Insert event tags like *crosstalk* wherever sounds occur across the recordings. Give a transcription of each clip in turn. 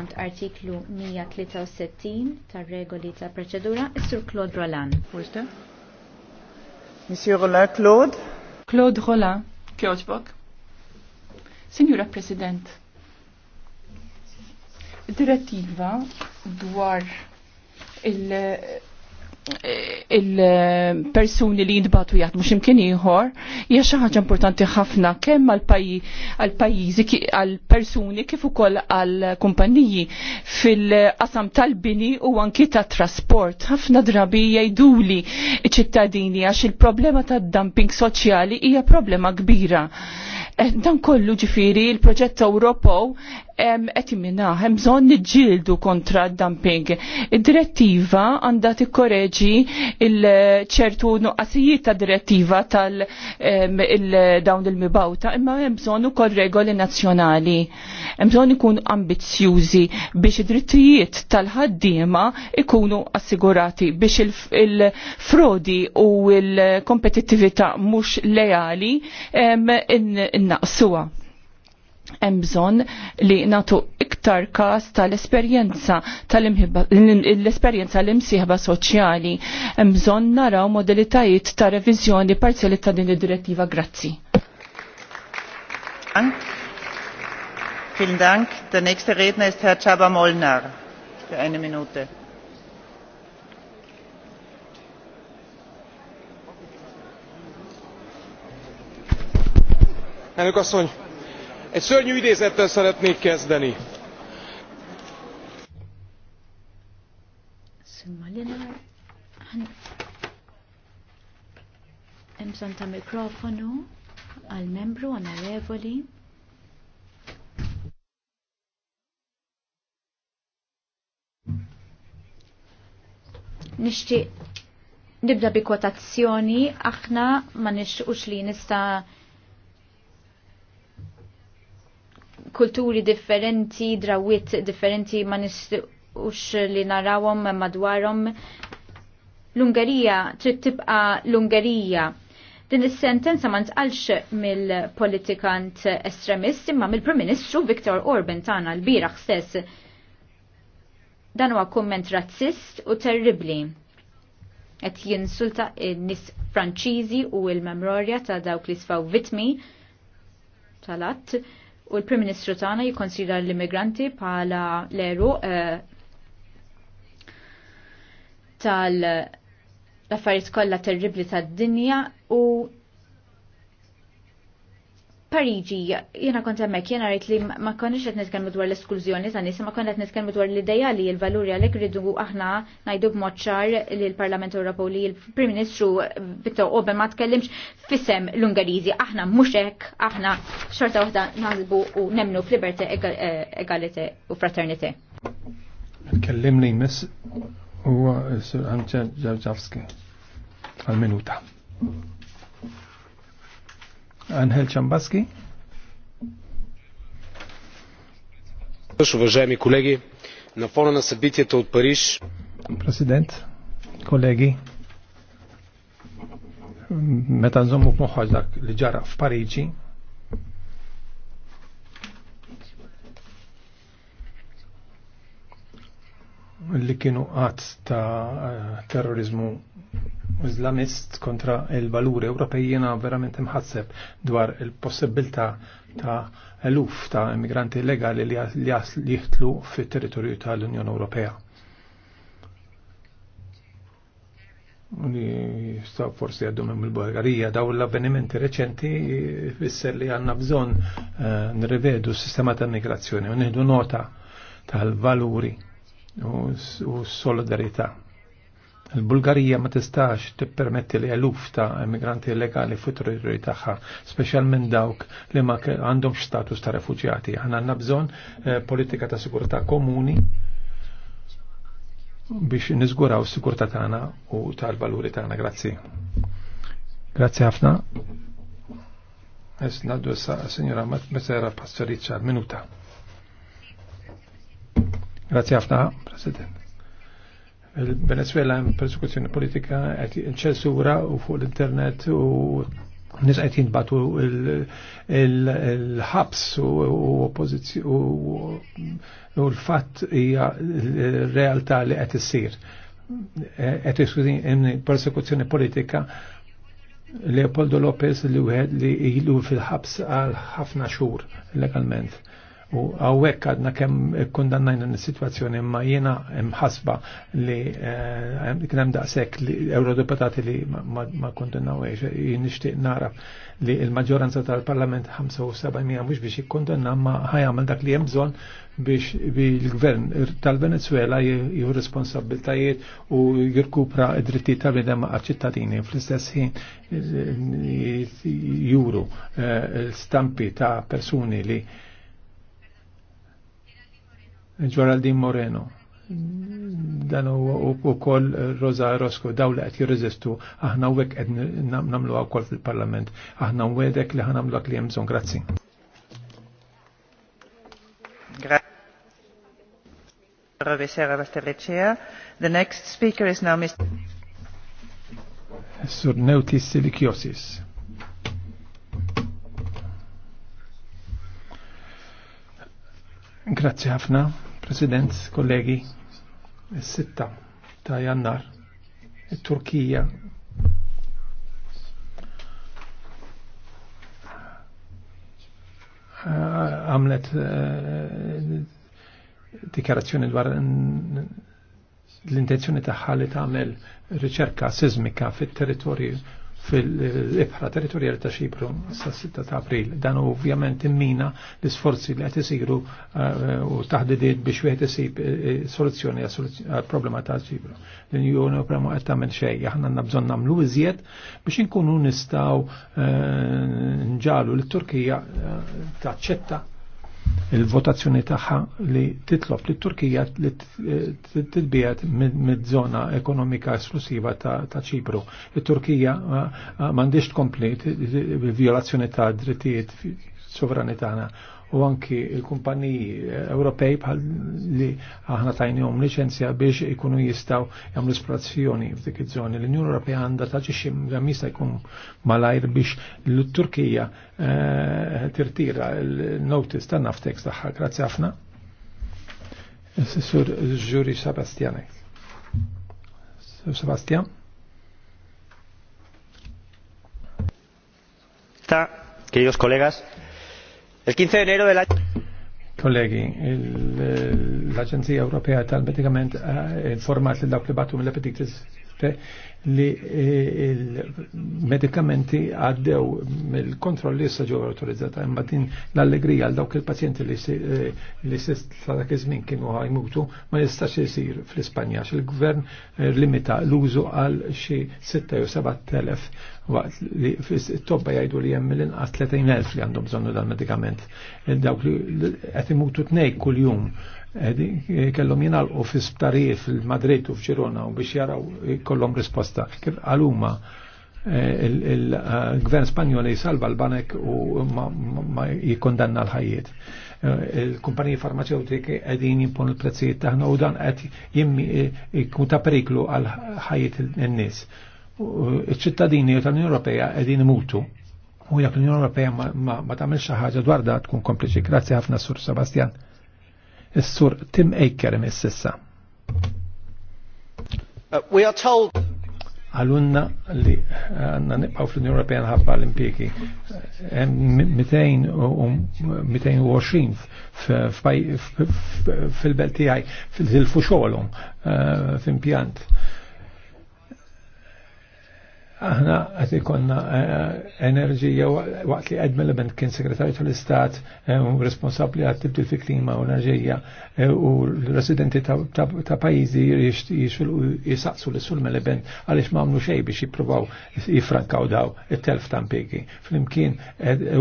skont artiklu 163 tar-regoli ta' proċedura is-Sur Claude Roland. Monsieur Roland Claude? Claude Roland. Kjoġbok. Signora President, direttiva dwar il- il-persuni li jintbatu jgħat mux ieħor hija xi ħaġa importanti ħafna kemm għall-pajjiżi għall-persuni kif ukoll għall-kumpanniji fil-qasam tal-bini u anki tat-trasport. Ħafna drabi jgħiduli ċ-ċittadini għax il-problema tad-dumping soċjali hija problema kbira eh, dan kollu ġifiri il-proġett Ewropew qed imminha hemm bżonn niġġieldu kontra d-dumping. Id-direttiva għandha tikkoreġi il-ċertu nuqqasijiet ta' direttiva tal dawn il-mibawta, imma hemm bżonn ukoll regoli nazzjonali. Hemm bżonn ikun ambizzjużi biex id-drittijiet tal-ħaddiema ikunu assigurati biex il-frodi u l-kompetittività mhux lejali innaqsuha. In hemm bżonn li natu iktar kas tal-esperjenza tal-esperjenza l-imsieħba soċjali hemm bżonn naraw modalitajiet ta' reviżjoni parzjali ta' din id-direttiva. Grazzi. Vielen Dank. Der nächste Redner ist Herr Chaba Molnar für eine Minute. Herr asszony, Egy szörnyű idézettel szeretnék kezdeni. ta' mikrofonu għal-membru onorevoli. nibda bi kwotazzjoni aħna ma nixtiequx li nista' kulturi differenti, drawiet differenti ma nistux li narawhom madwarhom. L-Ungerija trid tibqa l-Ungerija. Din is-sentenza ma ntqalx mill-politikant estremist imma mill-Prim Ministru Viktor Orban tagħna l-bieraħ stess. Dan huwa kumment razzist u terribli qed jinsulta n-nis Franċiżi u l-memorja ta' dawk li sfaw vitmi tal-att u l-Prim Ministru tagħna jikkonsidra l-immigranti bħala l-eru eh, tal-affarijiet kollha terribli tad-dinja u Pariġi, jena kont emmek, jena rrit li ma konniex qed nitkellmu dwar l-esklużjoni ta' nies, ma konna qed nitkellmu dwar l-idea li l-valuri għalhekk ridu aħna ngħidu b'mod ċar li l-Parlament Ewropew li l-Prim Ministru Vittor Oben ma tkellimx fisem l-Ungariżi. Aħna mhux hekk, aħna xorta waħda naħsbu u nemnu f'libertà eh, egalite u fraternite. Kellimni miss huwa Sur Anċer Ġawġawski għal-minuta. Angel Ciambaski. Уважаеми колеги, на фона на събитията от Париж. Президент, колеги, meta nżommu f'moħħa dak li ġara li kienu għat ta' terrorizmu Islamist kontra il-valuri Ewropej verament imħasseb dwar il possibilta ta' eluf ta' immigranti illegali li jaħtlu fit territorju tal-Unjoni Ewropea. Li jistaw forsi għaddu minn il-Bulgarija, daw l-avvenimenti reċenti fisser li għanna bżon eh, nrivedu s-sistema ta' immigrazzjoni u nieħdu nota tal-valuri u solidarita. Il-Bulgarija ma tistax tippermetti li eluf ta' emigranti illegali fuq territorju tagħha, speċjalment dawk li ma għandhomx status ta' refuġjati. Aħna għandna bżonn eh, politika ta' sigurtà komuni biex niżguraw s-sigurtà tagħna u tal-valuri tagħna. Grazzi. Grazzi ħafna. Esna d-dussa, signora Mazzera Pastorica, minuta. Grazie ħafna, President. Il-Venezuela hemm persekuzzjoni politika qed in u fuq l-internet u nis qed jinbatu il-ħabs u l-fatt hija realtà li qed issir. Qed persekuzzjoni politika Leopoldo Lopez li wieħed li ilu fil-ħabs għal ħafna xhur legalment U għawek għadna kem kundannajna n-situazzjoni imma jena mħasba li eh, kienem daqsek li eurodeputati li ma kondannaw eħx, jinnishtiq naraf li il-maġġoranza tal-parlament 75 mux biex jikkondanna ma ħajamel dak li jemżon biex il-gvern tal-Venezuela jihur responsabiltajiet u jirkupra id-dritti tal-bnedem għal-ċittadini fl-istess ħin eh, juru eh, l-stampi ta' persuni li Geraldine Moreno. Dan u koll Rosa Rosco, daw li għet jirrezistu aħna u għek namlu nagħmlu wkoll fil-Parlament, aħna u għedek li għanamlu għak li jemżon grazzi. The next speaker is now Mr. Sur Silikiosis. Grazie ħafna. President, kollegi, s-sitta ta' jannar, il-Turkija ah, għamlet eh, dikjarazzjoni dwar l-intenzjoni tagħha li tagħmel riċerka sismika fit-territorju fil-ibħra territorjali ta' Ċipru sa' 6 ta' April. Dan ovvjament immina l-isforzi li qed isiru eh, u taħdidiet biex wieħed isib eh, eh, soluzzjoni għal problema ta' Ċipru. L-Unjoni Ewropea qed tagħmel xej, aħna għanna bżonn nagħmlu iżjed biex inkunu nistgħu nġalu l-Turkija taċċetta il-votazzjoni tagħha li titlob li Turkija li eh, titbijat mid-żona ekonomika esklusiva ta' Ċipru. Il-Turkija eh, eh, m'għandix tkompli il-vjolazzjoni ta' drittijiet sovranitana u anki il-kumpaniji eh, Ewropej bħal li aħna tajnihom licenzja biex ikunu jistaw jagħmlu esplorazzjoni f'dik iż-żoni. L-Unjoni Ewropea għandha taġixxi kemm jista' jkun malajr biex l-Turkija eh, tirtira l-notice ta' naftex tagħha. Grazzi ħafna. Sur Ġuri Sebastianek. Sebastian. Ta, queridos colegas, Il 15 de enero de la... Kollegi, l-Aġenzija Ewropea tal-Medikament eh, informat li dawk li batu mill-Epidictis li eh, il-medikamenti għaddew mill-kontrolli issa ġew autorizzata imma din l-allegrija għal dawk il-pazjenti li s eh, dak iż-żmien kienu ħajmutu ma jistax isir fl-Ispanja il-gvern eh, limita l-użu għal xi 6 u 7000 waqt li tobba jgħidu li hemm l inqas 30,000 li għandhom bżonnu dal-medikament. Dawk li qed imutu kull kuljum kellhom jingħalqu fi sptarijiet fil-Madrid u f'Ġirona u biex jaraw kollom risposta. Għaluma eh, il-gvern eh, Spanjol jisalva l-banek u ma jikondanna l-ħajiet. Eh, il-kumpaniji farmaceutiki għedin jimpon il-prezzijiet taħna u dan għed jimmi jkun ta' periklu għal-ħajiet n-nis. Il-ċittadini tal-Unjoni Ewropea għedin mutu u jak l-Unjoni Ewropea ma tagħmilx xi ħaġa dwar da tkun kompliċi. Grazzi ħafna Sur Sebastian. Is-sur Tim Aker mis-sissa. Uh, we are told għalunna li uh, għanna nipaw fl-Unjoni Ewropea nħabba l impiki 220 fil-belt tiegħi fil-fuxolhom uh, fil impjant aħna għat ikonna eh, enerġija waqt li Edmund Levent kien segretarju tal-Istat eh, u responsabli għat tibdil fi klima u enerġija eh, u l-residenti ta' pajizi jisaqsu li sul Levent għalix ma' għamlu xej biex jipruvaw jifrankaw daw il-telf tampegi. Flimkien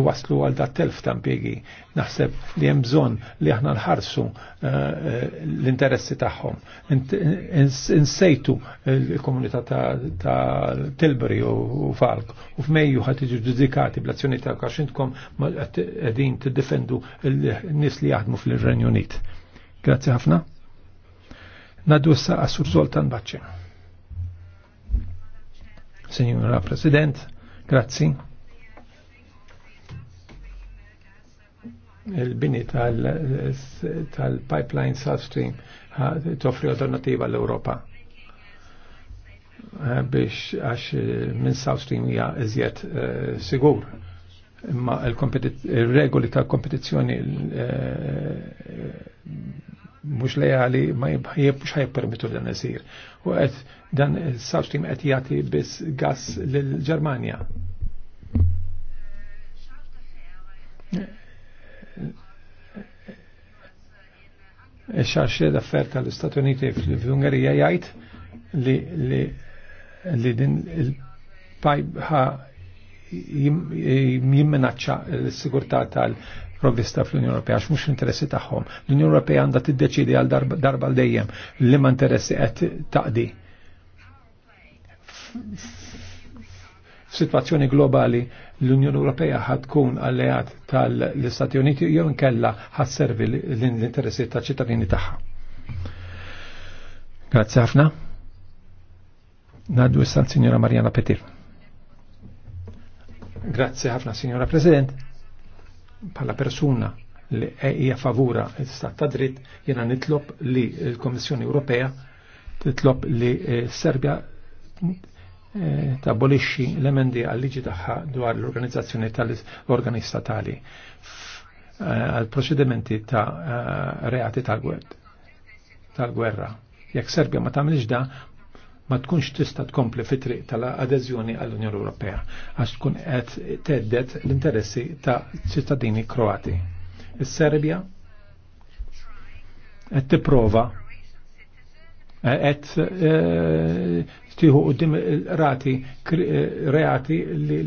waslu għal da' telf tampegi. Naħseb li hemm bżonn li aħna nħarsu l-interessi tagħhom. Insejtu l-komunità ta' Tilber Fiori u Falk u f'Mejju ħad iġu ġudikati bl-azzjoni ta' għaxintkom qegħdin tiddefendu l nies li jaħdmu fil-Renju Unit. Grazzi ħafna. Naddu issa għassur Zoltan Baċċi. Signora President, grazzi. il-bini tal-pipeline tal South Stream toffri alternativa l-Europa biex għax minn South Stream hija iżjed sigur. Imma il-regoli ta' kompetizzjoni mhux lejali ma jibx ħajpermitu dan isir. U qed dan South Stream qed jagħti biss gas lill-Ġermanja. Ix-xarxie d-affer tal istat Uniti fl-Ungerija jgħid li li din il-pajbħa jimminaċċa l-sigurtà tal-provvista fl-Unjoni Ewropea għax mhux l-interessi tagħhom. L-Unjoni Ewropea għandha tiddeċidi għal darba l dejjem li ma interessi qed taqdi. F'sitwazzjoni globali l-Unjoni Ewropea ħad tkun alleat tal-Istati Uniti jew inkella ħasservi servi l-interessi taċ ċittadini tagħha. Grazzi ħafna. Naddu issa l-Sinjora Petir. Grazie ħafna, Sinjora President. Palla persuna li hija favura l-Istat ta' dritt, jena nitlob li l-Komissjoni Ewropea titlob li eh, Serbja eh, tabolixxi l-emendi għal-liġi tagħha dwar l-organizzazzjoni tal-organi statali eh, għal-proċedimenti ta' reati tal-gwerra. Jekk Serbia ma tagħmilx da, ma tkunx tista' tkompli fit-triq tal adezjoni għall-Unjoni Ewropea għax tkun qed teddet l-interessi ta' ċittadini Kroati. Is-Serbja qed tipprova qed eh, tieħu qudiem rati eh, reati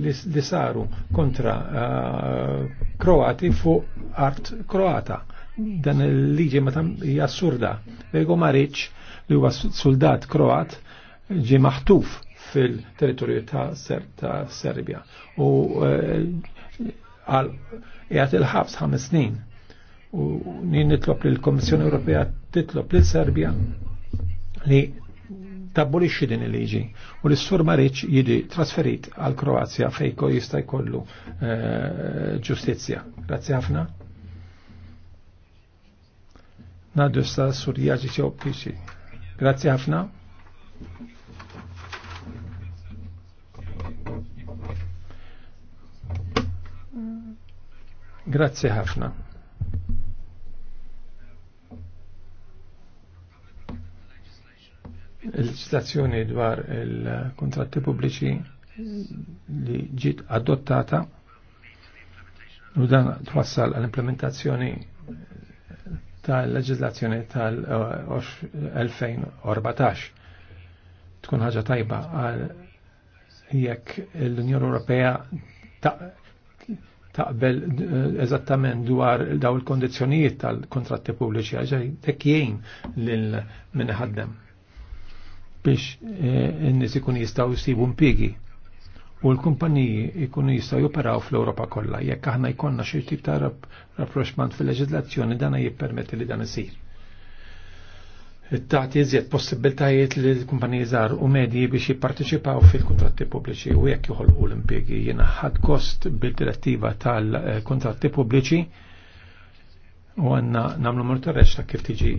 li saru kontra eh, Kroati fuq art Kroata. Dan il-liġi ma tam hija assurda. Vego Maric li huwa soldat Kroat ġi maħtuf fil-territorju ta' Ser ta' Serbia u eh, għal il-ħabs ħames snin u nien nitlob li l-Kommissjoni Ewropea titlob li Serbia li tabbolixxi din il-liġi u s sur Maric jiġi trasferit għal Kroazja fejko jista' jkollu eh, ġustizzja. Grazzi ħafna. Nadu sta sur jaġi Grazzi ħafna. Grazzi ħafna. Il-legislazzjoni dwar il-kontratti pubbliċi li ġiet adottata u dan twassal għall-implementazzjoni tal-leġizlazzjoni tal-2014 tkun ħaġa tajba għal jekk l-Unjoni Ewropea taqbel eh, eżattament dwar daw il-kondizjonijiet tal-kontratti pubbliċi għaxaj tek jgħin lil ħaddem biex eh, n-nis ikun jistaw jisibu mpigi u l-kumpaniji ikun jistaw joperaw fl-Europa kollha jekk aħna jkollna xie tip ta' rapproċment fil-leġiżlazzjoni dana jippermetti li dan isir tagħti iżjed possibiltajiet li l-kumpaniji żgħar u medji biex jipparteċipaw fil-kuntratti pubbliċi u jekk joħolqu l-impjegi jiena ħadd kost bil-direttiva tal-kuntratti pubbliċi u għanna namlu mortarreċ ta' kif tiġi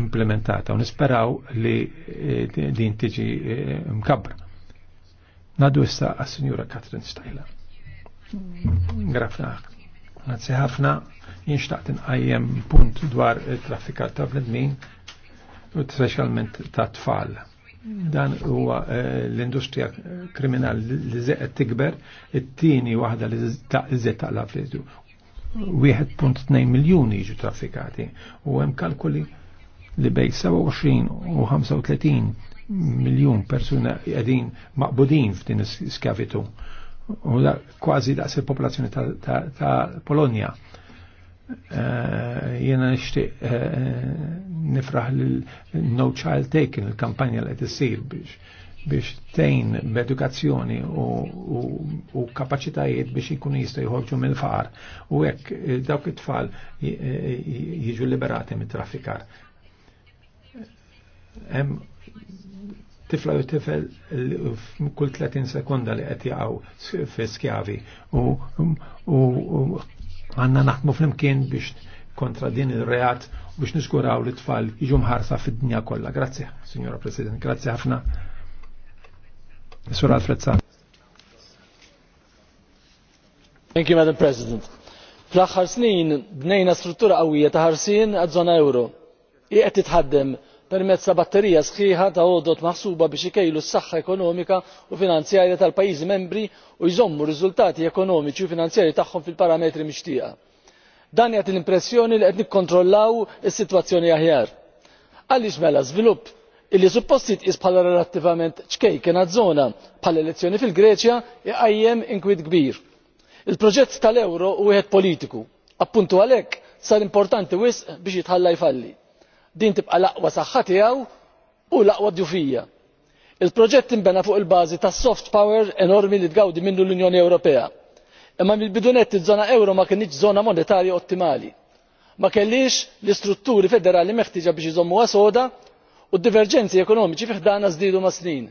implementata u nisperaw li eh, din tiġi eh, mkabra. Nadu issa għas-Sinjura Katrin Stajla. Grafna, grazzi ħafna, jinxtaqt nqajjem punt dwar it-traffika ta' bnedmin specialment ta' tfal. Dan huwa eh, l-industrija kriminali li zeqet tikber, it-tieni waħda li zeqet taqla fl 1.2 miljoni jiġu traffikati u hemm kalkuli li bej 27 u 35 miljun persuna qegħdin maqbudin f'din is-skavitu. U kważi daqs il-popolazzjoni ta' Polonja Eh, jena nishtiq eh, nifraħ l-No Child Taken, il-kampanja li t-sir biex biex tejn b'edukazzjoni u kapacitajiet biex ikun jista' jħorġu mill-faqar u hekk eh, dawk it-tfal jiġu liberati mit-traffikar. Hemm tifla u tifel kull 30 sekonda li qed jaqgħu fi skjavi u Għanna naħdmu flimkien biex kontra din il-reat biex niskuraw li tfal jiġu mħarsa fid-dinja kollha. Grazie, Signora President, grazzi ħafna. Sur Alfred Sam. Thank you, Madam President. Fl-aħħar snin bnejna struttura qawwija ta' għadżona għaż-żona euro. Qiegħed titħaddem permezz ta' batterija sħiħa ta' għodot maħsuba biex ikejlu s-saħħa ekonomika u finanzjarja tal pajjiżi membri u jżommu r-riżultati ekonomiċi u finanzjarji tagħhom fil-parametri mixtieqa. dan jagħti l-impressjoni li qed nikkontrollaw is-sitwazzjoni aħjar. għaliex mela żvilupp illi suppost jitqies bħala relattivament ċkejken għad żona bħala elezzjoni fil-greċja iqajjem inkwiet kbir. il proġett tal ewro huwieħed politiku appuntu għalhekk sar importanti wisq biex jitħalla jfalli din tibqa' l-aqwa saħħa tiegħu u l-aqwa djufija. il proġett imbena fuq il bażi ta' soft power enormi li tgawdi minnu l-unjoni ewropea imma mill bidu nett iż-żona ewro ma kinitx żona monetarja ottimali ma kellix l-istrutturi federali meħtieġa biex iżommuha soda u d-diverġenzi ekonomiċi fiħdana ħdana żdiedu ma' snin.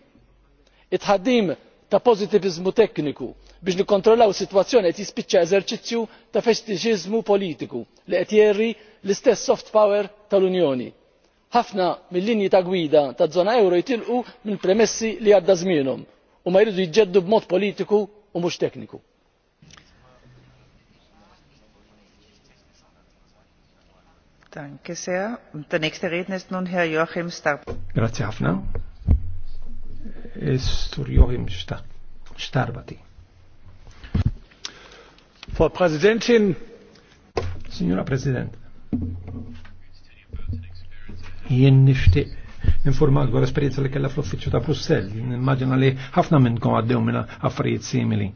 it tħaddim ta' pożittiviżmu tekniku biex nikkontrollaw is-sitwazzjoni qed jispiċċa eżerċizzju ta' fetixxiżmu politiku li qed jgħerri l-istess soft power tal-unjoni. ħafna mill-linji ta' gwida taż-żona euro jitilqu minn premessi li għadda żmienhom u ma jridu jġeddu b'mod politiku u mhux tekniku. Grazie ħafna. Joachim Starbati. Frau Präsidentin! Signora President, jien nishtiq informat dwar esperienza li kella fl-uffiċċju ta' Brussell. Nimmaġina li ħafna minnkom għaddew minn affarijiet simili.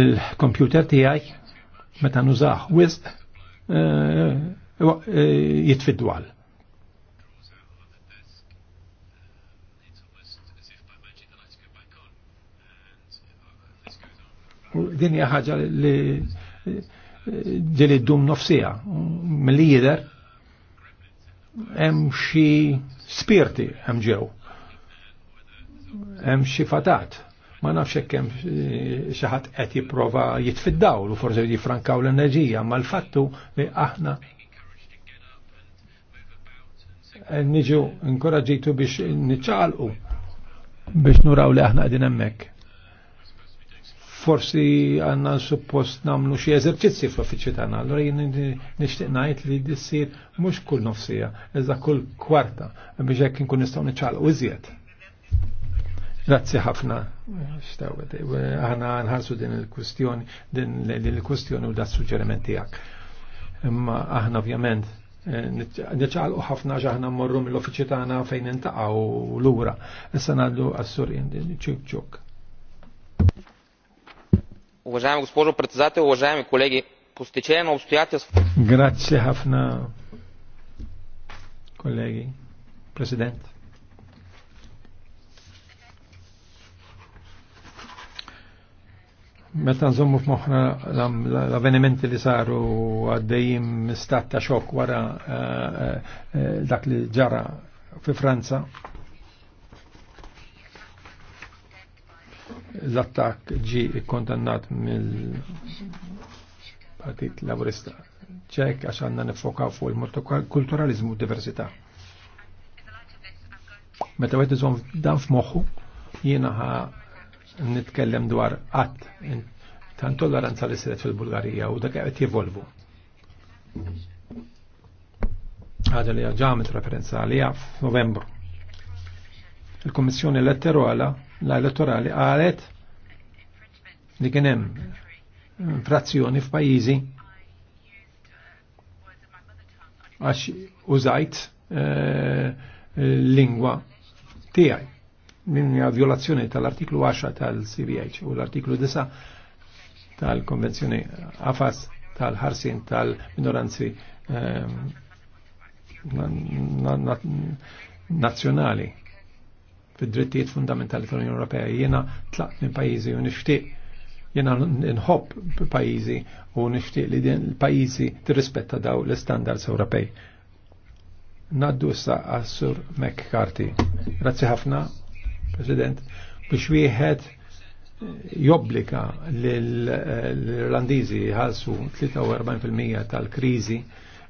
Il-kompjuter tiegħi meta nużah wisq eh, eh, jitfidwal. Din hija ħaġa li ġili dum nofsija. Mill-li jider, hemm xi spirti hemm ġew. Hemm xi fatat. Ma nafx hekk hemm xi ħadd qed jipprova jitfiddaw u forsi jifrankaw l-enerġija, ma l-fattu li aħna niġu inkoraġitu biex niċċalqu biex nuraw li aħna qegħdin hemmhekk forsi għanna suppost namlu xie eżerċizzi fl uffiċi tagħna. Allora jien nixtieq ngħid li dissir mhux kull nofsija, iżda kull kwarta biex hekk inkun nistgħu niċċaqlqu iżjed. Grazzi ħafna. Aħna nħarsu din il-kwistjoni, din il-kwistjoni u dat suġġeriment tiegħek. Imma aħna ovvjament eh, Nċaqalqu ħafna ġaħna morru mill uffiċi tagħna fejn intaqgħu lura. Issa ngħaddu għas-sur ċuk ċuk. Уважаема госпожо председател, уважаеми колеги, по стечение на обстоятелства. Грация Хафна, колеги, президент. Meta nżommu f'moħħna l-avvenimenti li saru għaddejjim stat ta' xok wara eh, eh, eh, dak li ġara fi Franza, l-attak ġi kondannat mill Partit Laburista ċek għax għanna nifokaw fuq il-multikulturalizmu u diversità. Meta għed iżom dan f'moħħu, jiena ħa nitkellem dwar qatt ta' tolleranza li siret fil-Bulgarija u dak qed jivolvu. Ħaġa li ġamet referenza għalija f'Novembru. Il-Kommissjoni elettorala la elettorali għalet li kienem frazzjoni f'pajizi għax użajt eh, lingwa tiegħi. Min hija violazzjoni tal-artiklu 10 tal-CVH u l-artiklu 9 tal-Konvenzjoni AFAS tal-ħarsin tal-minoranzi eh, nazzjonali fid-drittijiet fundamentali tal-Unjoni Ewropea. Jiena tlaqt minn pajjiżi u nixtieq jena nħobb pajizi u nishtiq li din il-pajizi tirrispetta daw l-standards Ewropej. Naddu issa għassur McCarthy. Grazzi ħafna, President, biex wieħed jobblika l-Irlandiżi jħalsu 43% tal kriżi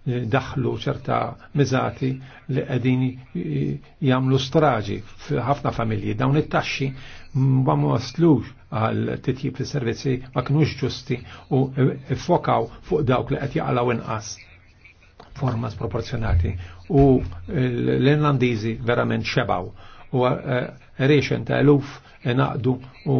daħlu ċerta mizati li qegħdin jagħmlu straġi f'ħafna familji. Dawn it-taxxi ma waslux għal titjib fis servizzi ma kinux ġusti u fokaw fuq dawk li qed jaqlaw inqas forma sproporzjonati u l-Irlandiżi verament xebaw u eh, reċen ta' eluf naqdu u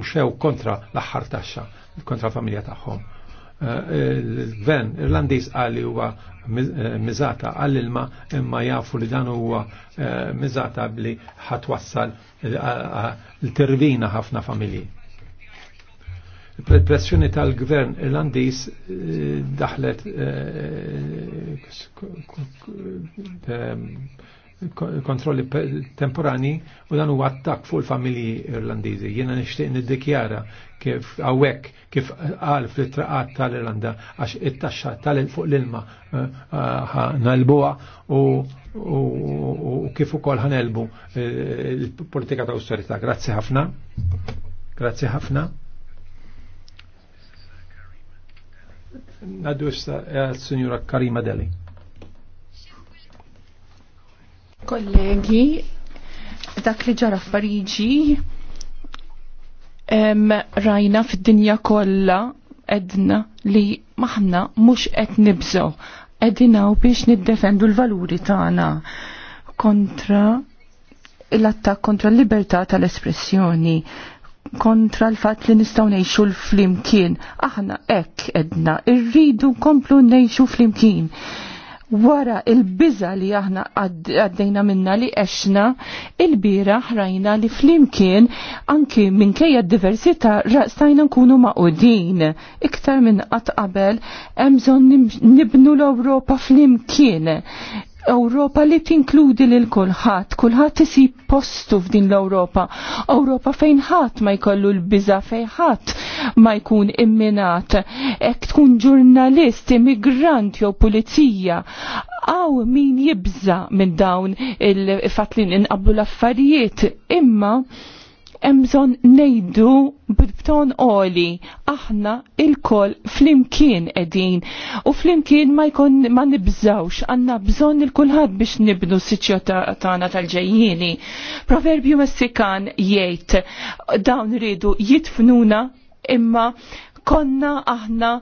mxew kontra l-axħar taxxa, kontra familja tagħhom il-gvern irlandiż għalli huwa eh, miżata għall-ilma imma jafu li dan huwa eh, miżata bli ħatwassal eh, l-tervina ħafna familji. Pressjoni tal-gvern irlandiż daħlet kontrolli temporani u dan huwa attakk fuq il-familji Irlandiżi. Jiena nixtieq niddikjara kif hawnhekk kif qal fl-ittraqat tal-Irlanda għax it-taxxa tal fuq l-ilma eh, eh, nalbuha u kif ukoll ħanelbu eh, il-politika ta' austerità. Grazzi ħafna. Grazzi ħafna. Naddu issa signora Karima Deli. Kollegi, dak li ġara f'Pariġi rajna fid-dinja kollha edna li maħna mhux qed nibżgħu edinaw biex niddefendu l-valuri tagħna kontra l-attak kontra l-libertà tal-espressjoni kontra l fatt li nistgħu ngħixu l-flimkien. Aħna hekk edna, irridu komplu ngħixu flimkien wara il-biża li aħna għaddejna minna li għexna, il-bira ħrajna li flimkien anki minkejja d-diversità stajna nkunu maqudin. Iktar minn qatt qabel hemm bżonn nibnu l-Ewropa flimkien Ewropa li tinkludi lil kulħadd, kulħadd isib postu f'din l-Ewropa. Ewropa fejn ħadd ma jkollu l-biża fejn ħadd ma jkun imminat. Ek tkun ġurnalist, immigrant jew pulizija, għaw min jibża minn dawn il fatlin inqablu l-affarijiet, imma emżon nejdu b'ton oli aħna il-kol flimkien edin u flimkien ma jkun ma nibżawx għanna bżon il-kulħad biex nibnu s-sitjota tal-ġejjini. Proverbju Messikan jgħid dawn ridu jitfnuna imma konna aħna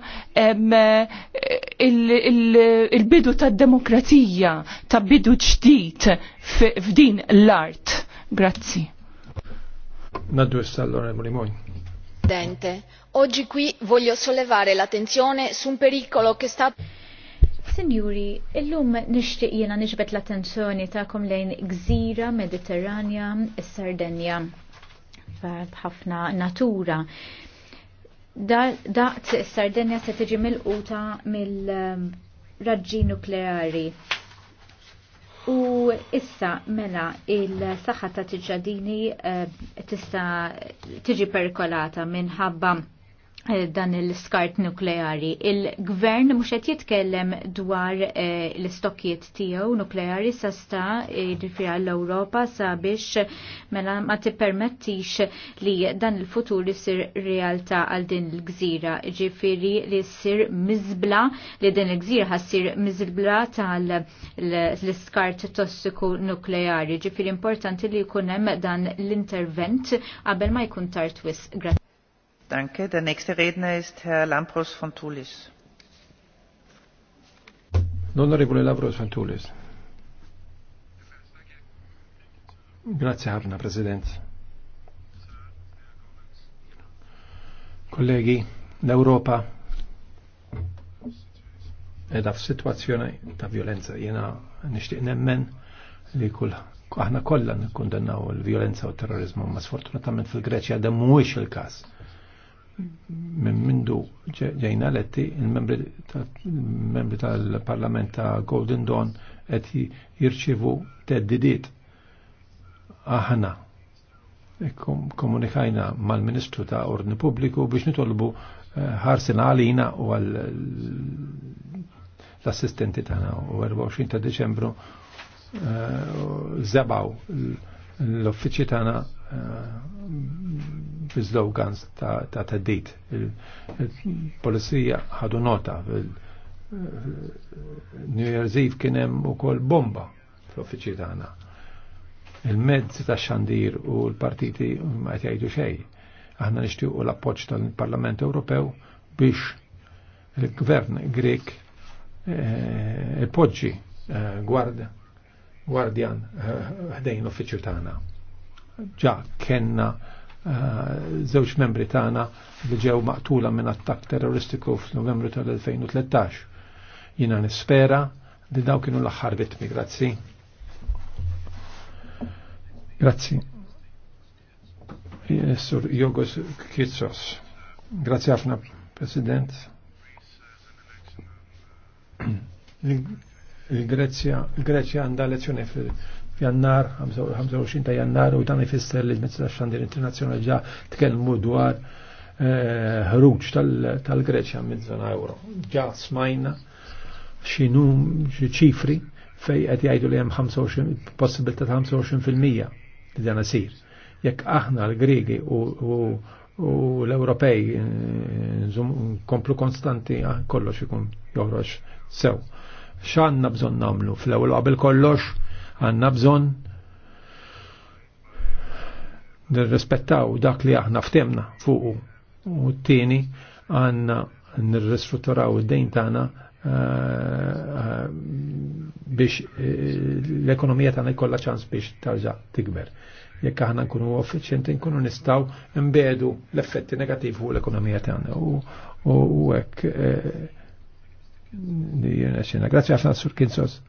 il-bidu tad demokrazija ta' bidu ġdid f'din l-art. Grazzi. Naddu l Moj. Presidente, oggi qui voglio sollevare l'attenzione su un pericolo che sta Signori, illum nixtieq jiena nixbet l-attenzjoni tagħkom lejn gżira Mediterranja s sardenja b'ħafna natura. Daqt is-Sardenja se tiġi mill-quta mill-raġġi um, nukleari U issa mela il-saħħa ta' tiġadini eh, tista' tiġi perikolata minħabba Eh, dan l-skart nukleari. Il-gvern mhux qed jitkellem dwar e, eh, l-istokkiet tiegħu nukleari sasta eh, jirrifira e, l-Ewropa sabiex mela ma tippermettix li dan il-futur isir realtà għal din l-gżira. Ġifieri li ssir miżbla li din il-gżira ħassir miżbla tal l-iskart tossiku nukleari. Ġifieri importanti li jkun hemm dan l-intervent qabel ma jkun tard wisq. Danke. Der nächste Redner ist Herr Lampros von Tulis. L'onorevole Lampros von Tulis. Grazie ħafna, President. Kollegi, l-Europa edha f'sitwazzjoni ta' violenza. Jena nixtieq nemmen li kull aħna kollha nikkundennaw il-violenza u terrorizmu, ma sfortunatament fil-Greċja dem mhuwiex il-każ minn mindu ġejna letti il-membri tal-parlament ta' Golden Dawn qed jirċivu teddidiet aħna e komunikajna mal-Ministru ta' Ordni Pubbliku biex nitolbu eh, ħarsin għalina u għal l-assistenti ta' u 24 ta' Deċembru eh, zabaw l uffiċi ta' bizlogans ta' teddit. Il-polizija ħadu nota New Year's Eve kienem u kol bomba fl-offiċi tagħna. Il-mezz ta' xandir u l-partiti ma jgħidu xejn. Aħna nixtiequ l-appoġġ tal-Parlament Ewropew biex il-Gvern Grek eh, ipoġġi eh, gwardja gwardjan eh, ħdejn l-offiċju tagħna. Ġa kenna Eh, żewġ membri tagħna li ġew maqtula minn attakk terroristiku f'Novembru tal-2013. Jiena nispera li daw kienu l-aħħar vittmi, grazzi. Grazzi. Eh, Sur Jogos Kitsos. Grazzi ħafna, President. Il-Greċja għandha lezzjoni jannar, 25 ta' jannar, u dan ifisser li l-Mezz Xandir Internazzjonali ġa tkellmu dwar eh, ħruġ tal-Greċja mid-żona euro. Ġa smajna xinu ċifri fej qed jgħidu li hemm 25 possibilità ta' 25% li dan isir. Jekk aħna l-Griegi u u l-Ewropej eh, komplu konstanti ah, kollox ikun joħroġ sew. X'għandna bżonn nagħmlu fl-ewwel qabel kollox Għanna bżon nirrispettaw dak li aħna ftemna fuqu. U t-tieni għanna nirristrutturaw id-dejn tagħna biex l-ekonomija tagħna jkollha ċans biex tarġa' tikber. Jekk aħna nkunu effiċjenti nkunu nistgħu nbedu l-effetti negattiv fuq l-ekonomija tagħna. U hekk Grazie a Franz Kinsos.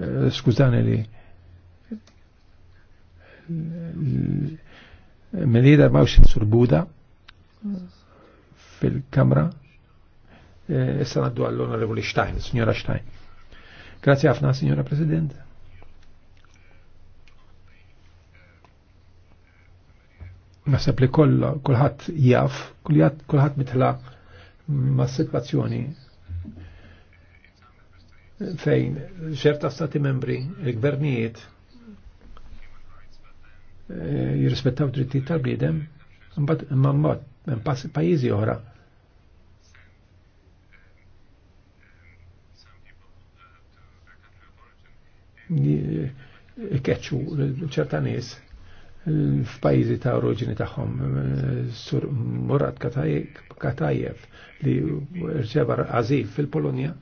Eh, skużani li Melida ma uxin sur Buda fil-kamra eh, issa naddu għall-onorevoli Stein, signora Stein. Grazie għafna, signora President. sepp li kollha kulħadd jaf, kulħadd mitla ma' situazzjoni fejn ċerta stati membri, il-gvernijiet, eh, jirrispettaw drittijiet tal-bniedem, mbagħad imma mbagħad pajjiżi oħra eh, keċċu ċerta nies f'pajjiżi ta' oriġini tagħhom eh, sur Murat Katajev li rċeva għażil fil-Polonja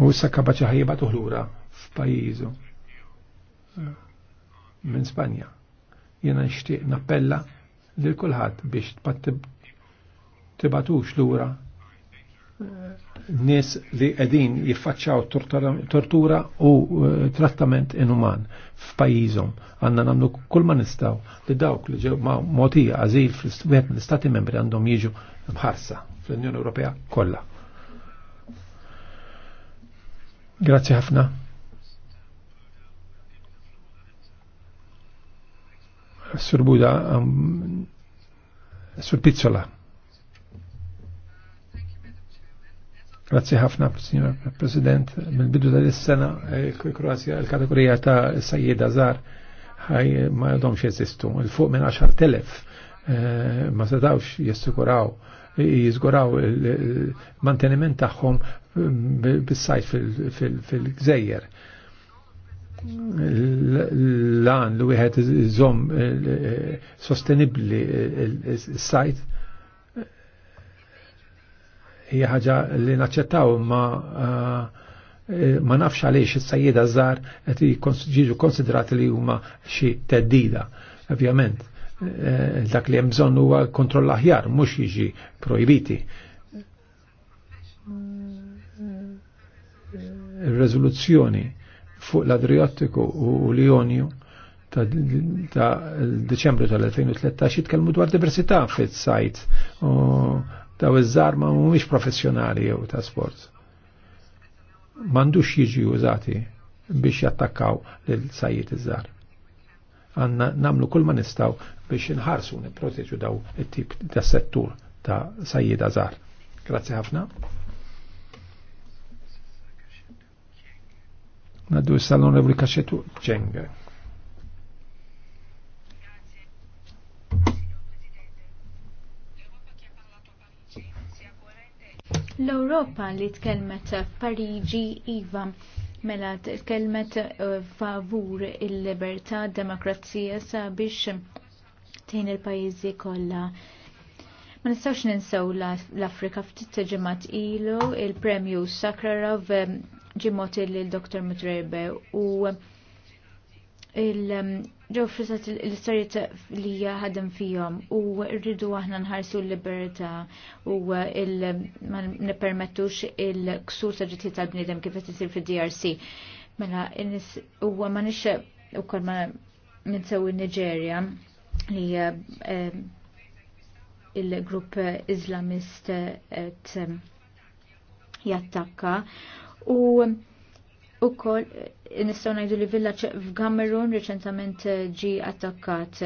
U issa kapaċi ħajba tuħlura f'pajjiżu minn Spanja. Jena nixtieq nappella lil kulħadd biex tibatux lura nies li qegħdin jiffaċċaw tortura u trattament inuman f'pajjiżhom. Għandna nagħmlu kull ma nistgħu li dawk li ġew ma' mogħtija għażil fl-istati membri għandhom jiġu mħarsa fl-Unjoni Ewropea kollha. Grazie ħafna. Sur Buda, um, Sur Pizzola. Grazie ħafna, Signor President. Mill-bidu tal-sena, eh, Kroazja, il-kategorija ta' Sajjeda Azar, ħaj ma jdomx jeżistu. Il-fuq minn 10.000 eh, ma sadawx jessukuraw jizguraw il-manteniment tagħhom bis-sajt fil-gżejjer. Lan li wieħed iżomm eh, eh, sostenibbli eh, s-sajt hija ħaġa li naċċettaw ma ma nafx għaliex is-sajjieda żgħar qed jiġu konsidrati li huma xi teddida. Ovvjament, dak li hemm bżonn huwa kontroll aħjar mhux jiġi projbiti rezoluzzjoni fuq l-Adriatiku u l-Ionju ta' Deċembru tal-2013 jitkellmu dwar diversità fit-sajt u daw iż-żar ma mhumiex professjonali jew ta' sport. M'għandux jiġi użati biex jattakkaw lil sajjiet iż-żar. Għanna namlu kull ma nistaw biex nħarsu nipproteġu daw it-tip ta' settur ta' sajjiet iż-żar. Grazzi ħafna. Naddu s-sal-onorevoli Kaxetu Ċenga. L-Europa li tkellmet Parigi Iva mela tkellmet eh, favur il-libertà, demokrazija sabiex tejn il-pajjiżi kollha. Ma nistgħux ninsew l-Afrika ftit ġimgħat ilu il-Premju Sakharov eh, ġimot il-Dr. Mutrebe u il-ġew um, frisat l-istorijiet li ħadem fihom u rridu aħna nħarsu l-libertà u ma nippermettux il-ksur ta' ġittijiet tal kif qed isir drc Mela huwa ma nix ukoll ma minsew in-Niġerja li eh, il-grupp Islamist jattakka u kol, nistgħu ngħidu li villa f'Gamerun reċentament eh, ġi attakkat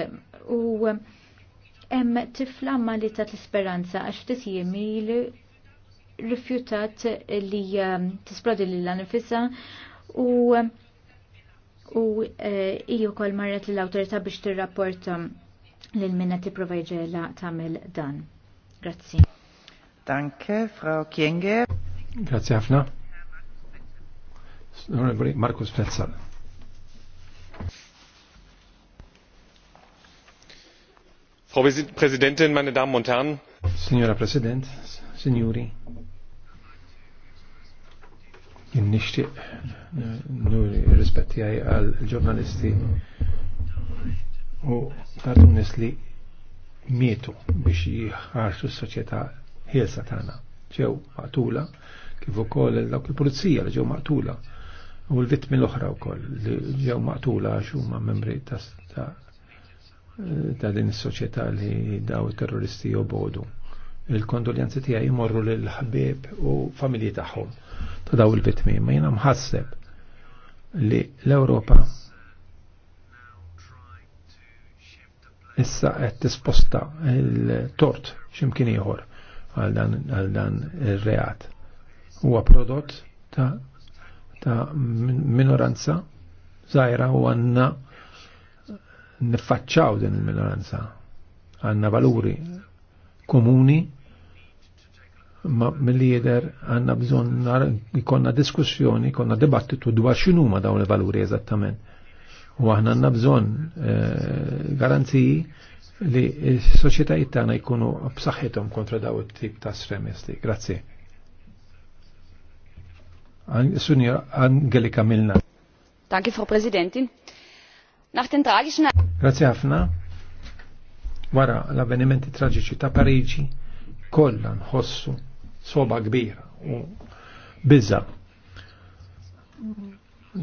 u hemm tifla ma li ta' l-isperanza għax ftit li rifjutat li eh, tisplodi lil nifisha u u eh, iju kol marret l autorita biex li l-minna tipprova jġela tagħmel dan. Grazzi. Danke, Frau Kienge. Grazie ħafna. Markus Fetzal. Frau Präsidentin, meine Damen und Herren. Signora President, Signori. Jien nixtieq nuri rispetti għaj għal ġurnalisti u kartunis li mietu biex jħarsu s-soċjetà ħielsa tagħna. Ġew maqtula kif ukoll dawk il-pulizija li ġew maqtula u l-vittmi l-oħra wkoll li ġew maqtula għax huma membri ta' ta' din is-soċjetà li daw terroristi jobodu. Il-kondoljanzi tiegħi jmorru lil ħbieb u familji tagħhom ta' daw il-vittmi, ma jiena mħasseb li l-Ewropa issa qed tisposta il-tort x'imkien ieħor għal dan ir-reat. Huwa prodott ta' ta' minoranza zaħira u għanna nifacċaw din il-minoranza. Għanna valuri komuni ma mill-lider għanna bżon jikonna diskussjoni, jikonna dibattitu dwar xinuma dawn il-valuri eżattament. U għahna għanna bżon eh, garanziji li s-soċietajiet tagħna jkunu b'saħħithom kontra daw it-tip ta' estremisti. Grazzi. Sunja Angelika Milna. Danke, Frau Präsidentin. Nach den tragischen... Er- Grazie ħafna. Wara l-avvenimenti traġiċi ta' Pariġi, kollha nħossu soba kbira u bizza.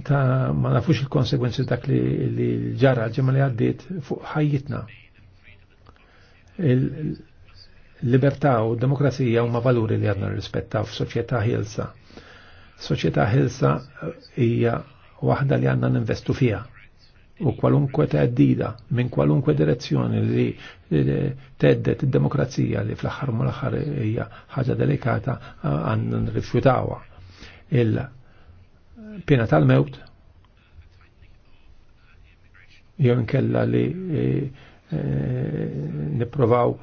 Ta' ma nafux il-konsekwenzi dak li, l ġara ġemma li għaddiet fuq ħajjitna. Il-libertà u d-demokrazija huma valuri li għadna rispettaw f'soċjetà ħielsa Soċjetà ħilsa eh, hija waħda li għandna ninvestu fija. u kwalunkwe teddida minn kwalunkwe direzzjoni li teddet id-demokrazija li fl-aħħar u l-aħħar hija ħaġa delikata eh, għandna nrifjutawha. Illa pena tal-mewt jew nkella li eh, niprovaw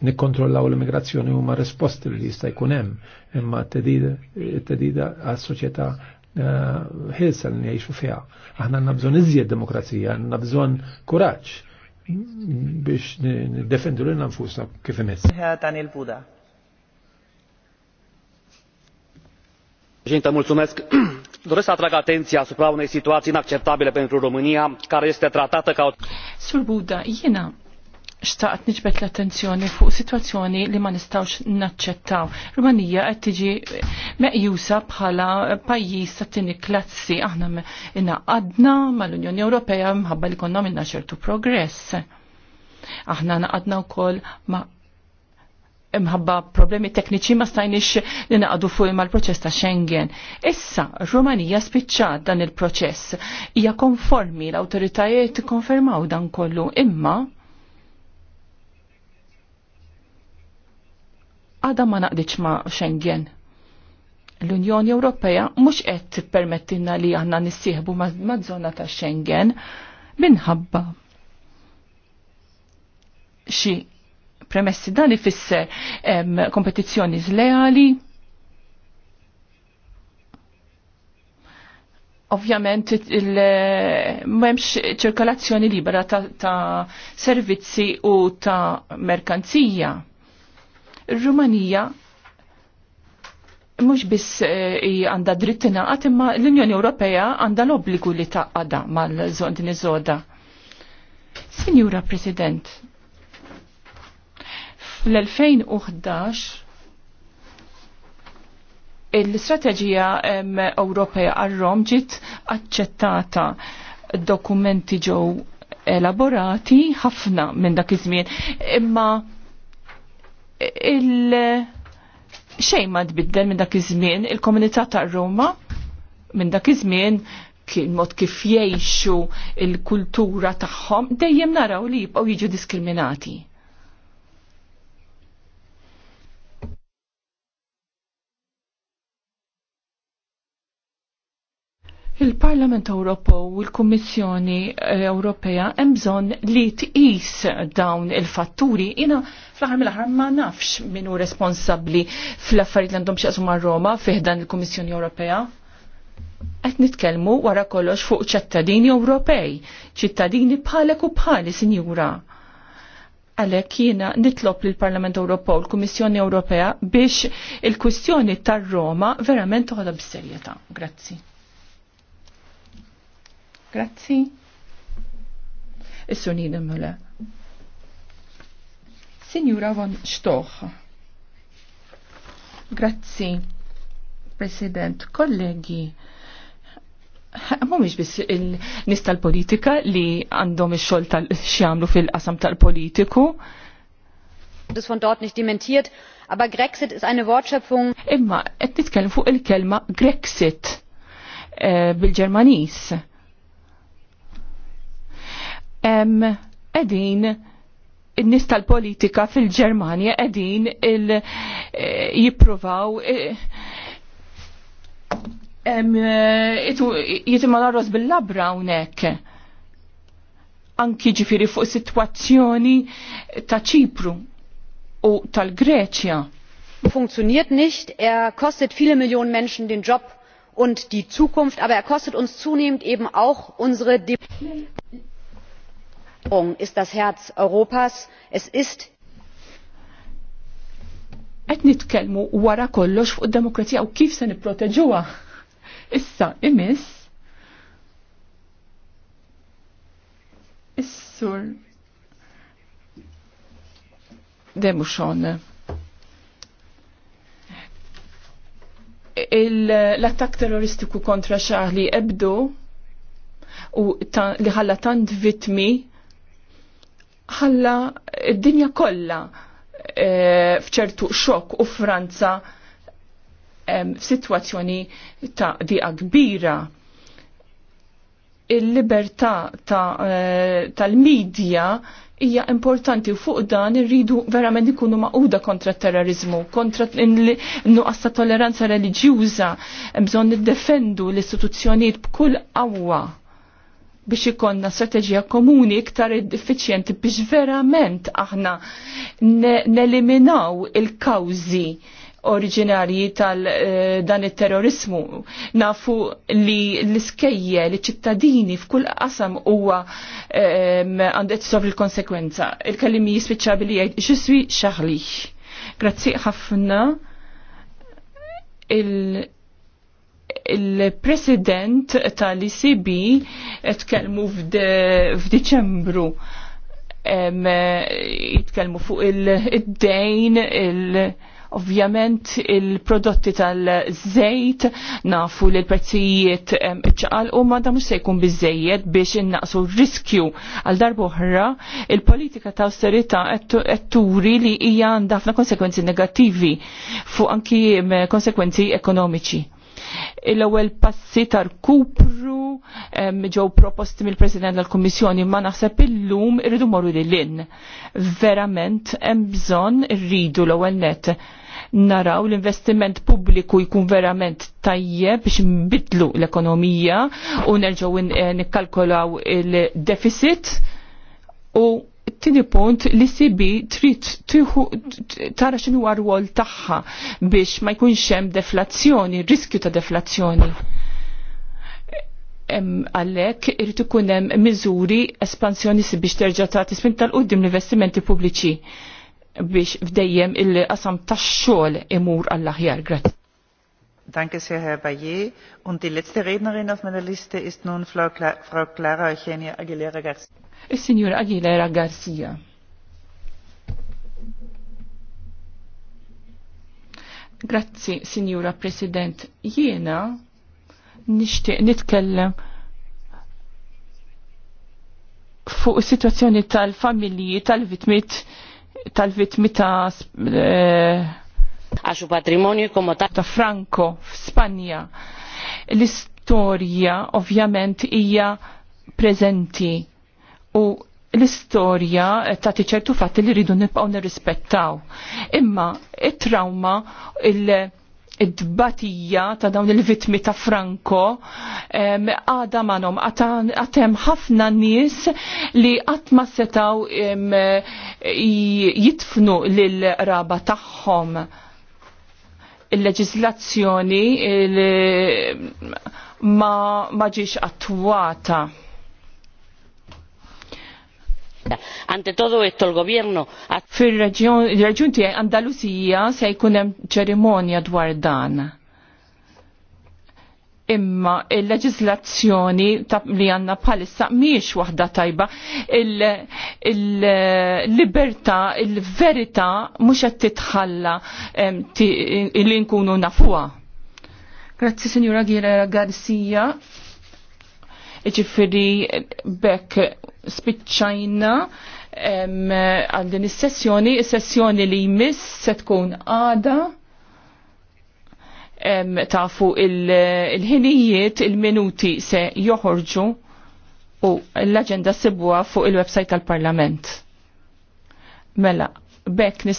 nikkontrollaw l-immigrazzjoni huma risposti li jista' jkun hemm, imma t-tedida għas-soċjetà eh, ħilsa li jgħixu fiha. Aħna għandna bżonn iżjed demokrazija, għandna bżonn kuraġġ biex niddefendu lil nfusna kif imiss. Daniel Buda. Președinte, mulțumesc. *clears throat* Doresc să atrag atenția asupra unei situații inacceptabile pentru România, care este tratată ca o... Sur Buda, jena, xtaqt niġbet l-attenzjoni fuq situazzjoni li ma nistawx naċċettaw. Rumanija qed tiġi meqjusa bħala pajjiż ta' tieni klassi aħna inaqadna mal-Unjoni Ewropea mħabba li konna minna ċertu progress. Aħna naqadna wkoll ma' mħabba problemi tekniċi ma stajniex li naqdu fuq mal-proċess ta' Schengen. Issa, Rumanija spiċċat dan il-proċess. Hija konformi l-awtoritajiet konfermaw dan kollu, imma għada ma naqdiċ ma Schengen. L-Unjoni Ewropea mhux qed tippermettilna li aħna nissieħbu maż-żona ta' Schengen minħabba xi premessi dan ifisser kompetizzjoni zleali. Ovvjament m'hemmx ċirkolazzjoni libera ta', ta servizzi u ta' merkanzija Ir-Rumanija mhux biss eh, għandha dritt tingħaqad imma l-Unjoni Ewropea għandha l-obbligu li taqqada mal-żon din iż-żoda. Sinjura President, fl-2011 l-istrateġija Ewropea għal-Rom ġiet aċċettata dokumenti ġew elaborati ħafna minn dak iż-żmien. Imma il- xejn ma tbiddel minn dak iż-żmien il-komunità ta' Roma minn dak iż-żmien kien mod kif jgħixu il-kultura tagħhom dejjem naraw li jibqgħu jiġu diskriminati. Il-Parlament Ewropew u l-Kummissjoni Ewropea hemm bżonn li tqis dawn il-fatturi. Ina fl-aħħar mill ma nafx min hu responsabbli fl-affarijiet li għandhom x'jaqsmu ma' roma fih dan il-Kummissjoni Ewropea. Qed nitkellmu wara kollox fuq ċittadini Ewropej, ċittadini bħalek u bħali, Sinjura għalek jiena nitlob lill parlament Ewropew u l-Kummissjoni Ewropea biex il-kwistjoni tar-Roma verament toħodha bis-serjetà. Grazzi. Grazzi. Is-sunina mela. Signora von Stoch. Grazzi, President, kollegi. Mumiex biss il-nis tal-politika li għandhom ix-xogħol tal-xjamlu fil-qasam tal-politiku. Das von dort nicht dementiert, aber Grexit ist eine Wortschöpfung. Imma qed nitkellem fuq il-kelma Grexit eh, bil-Ġermanis edin n-nis tal-politika fil-Germania edin il eh, jipruvaw eh, eh, jitimma l-arroz bil-labra unek anki ġifiri fuq situazzjoni ta' ċipru u tal-Greċja. Funktioniert nicht, er kostet viele Millionen Menschen den Job und die Zukunft, aber er kostet uns zunehmend eben auch unsere ist das Herz Europas. Es ist Qed nitkellmu wara kollox fuq id-demokrazija u kif se nipproteġuha. Issa imiss Is-sur Demuxon. L-attak terroristiku kontra xaħli ebdu u li ħalla tant vitmi ħalla id-dinja kollha e, fċertu xokk u Franza e, f'sitwazzjoni ta' diqa kbira il-libertà e, tal-medja hija importanti u fuq dan irridu verament ikunu maquda kontra t terrorizmu, kontra nuqqas ta' tolleranza reliġjuża, bżonn niddefendu l-istituzzjonijiet b'kull qawwa biex ikonna strateġija komuni iktar effiċjenti biex verament aħna neliminaw il-kawzi oriġinarji tal eh, dan it-terrorismu. Nafu li l-iskejje li ċittadini f'kull qasam huwa għandet sov il-konsekwenza. Il-kellim jispiċċa billi jgħid xiswi xaħli. Grazzi ħafna il- il-president tal-ICB tkellmu f'Diċembru jitkellmu fuq il-dejn il Ovvjament il-prodotti tal-żejt nafu li l-prezzijiet iċċaqal u ma da mux se jkun biżejjed biex innaqsu riskju għal darba oħra il-politika ta' austerita etturi turi li hija għandha ħafna konsekwenzi negattivi fuq anki konsekwenzi ekonomiċi l-ewwel passi tar kupru ġew proposti mill-President tal-Kummissjoni ma naħseb illum irridu morru lil in. Verament hemm bżonn irridu l-ewwel net naraw l-investiment pubbliku jkun verament tajjeb biex nbidlu l-ekonomija u nerġgħu eh, nikkalkolaw il-deficit u tini punt li sibi trid tara xinu għarwol taħħa biex ma jkunx hemm deflazzjoni, riskju ta' deflazzjoni. Għallek irrid ikun hemm miżuri espansjonisti biex terġa' ta' spin tal-qudiem l-investimenti pubbliċi biex fdejjem il-qasam tax-xogħol imur għall-aħjar. Grazzi. Danke sehr, Herr Bayer. Und die letzte Rednerin auf meiner Liste ist nun Frau Clara Eugenia Aguilera Garcia il-Sinjur Aguilera Garcia. Grazzi, Sinjura President. Jiena nixtieq nitkellem fuq is-sitwazzjoni tal-familji tal-vitmit tal vitmit ta' għaxu eh, patrimonju komo e ta' Franco f'Spanja. L-istorja ovvjament hija prezenti u l-istorja ta' ċertu fatti li rridu nibqgħu nirrispettaw. Imma it-trauma il- id-batija ta' dawn il-vitmi ta' Franco għada manom għatem ħafna nis li għatma setaw jitfnu l-raba taħħom il-leġizlazzjoni ma ġiex attwata. Ante todo esto il-gobierno. Fil-reġjun tiegħi Andalusija se jkun hemm ċerimonja dwar dan. Imma il-leġislazzjoni li għanna bħalissa miex waħda tajba, il-libertà, il-verità mhux qed titħalla li nkunu nafuha. Grazzi, Signora Gira Garcia. Iġifiri, bekk spiċċajna għal din is-sessjoni, is-sessjoni li jmiss se tkun għada tafu il-ħinijiet, il il-minuti se joħorġu u l-agenda sibuha fuq il-websajt tal-Parlament. Mela, bekk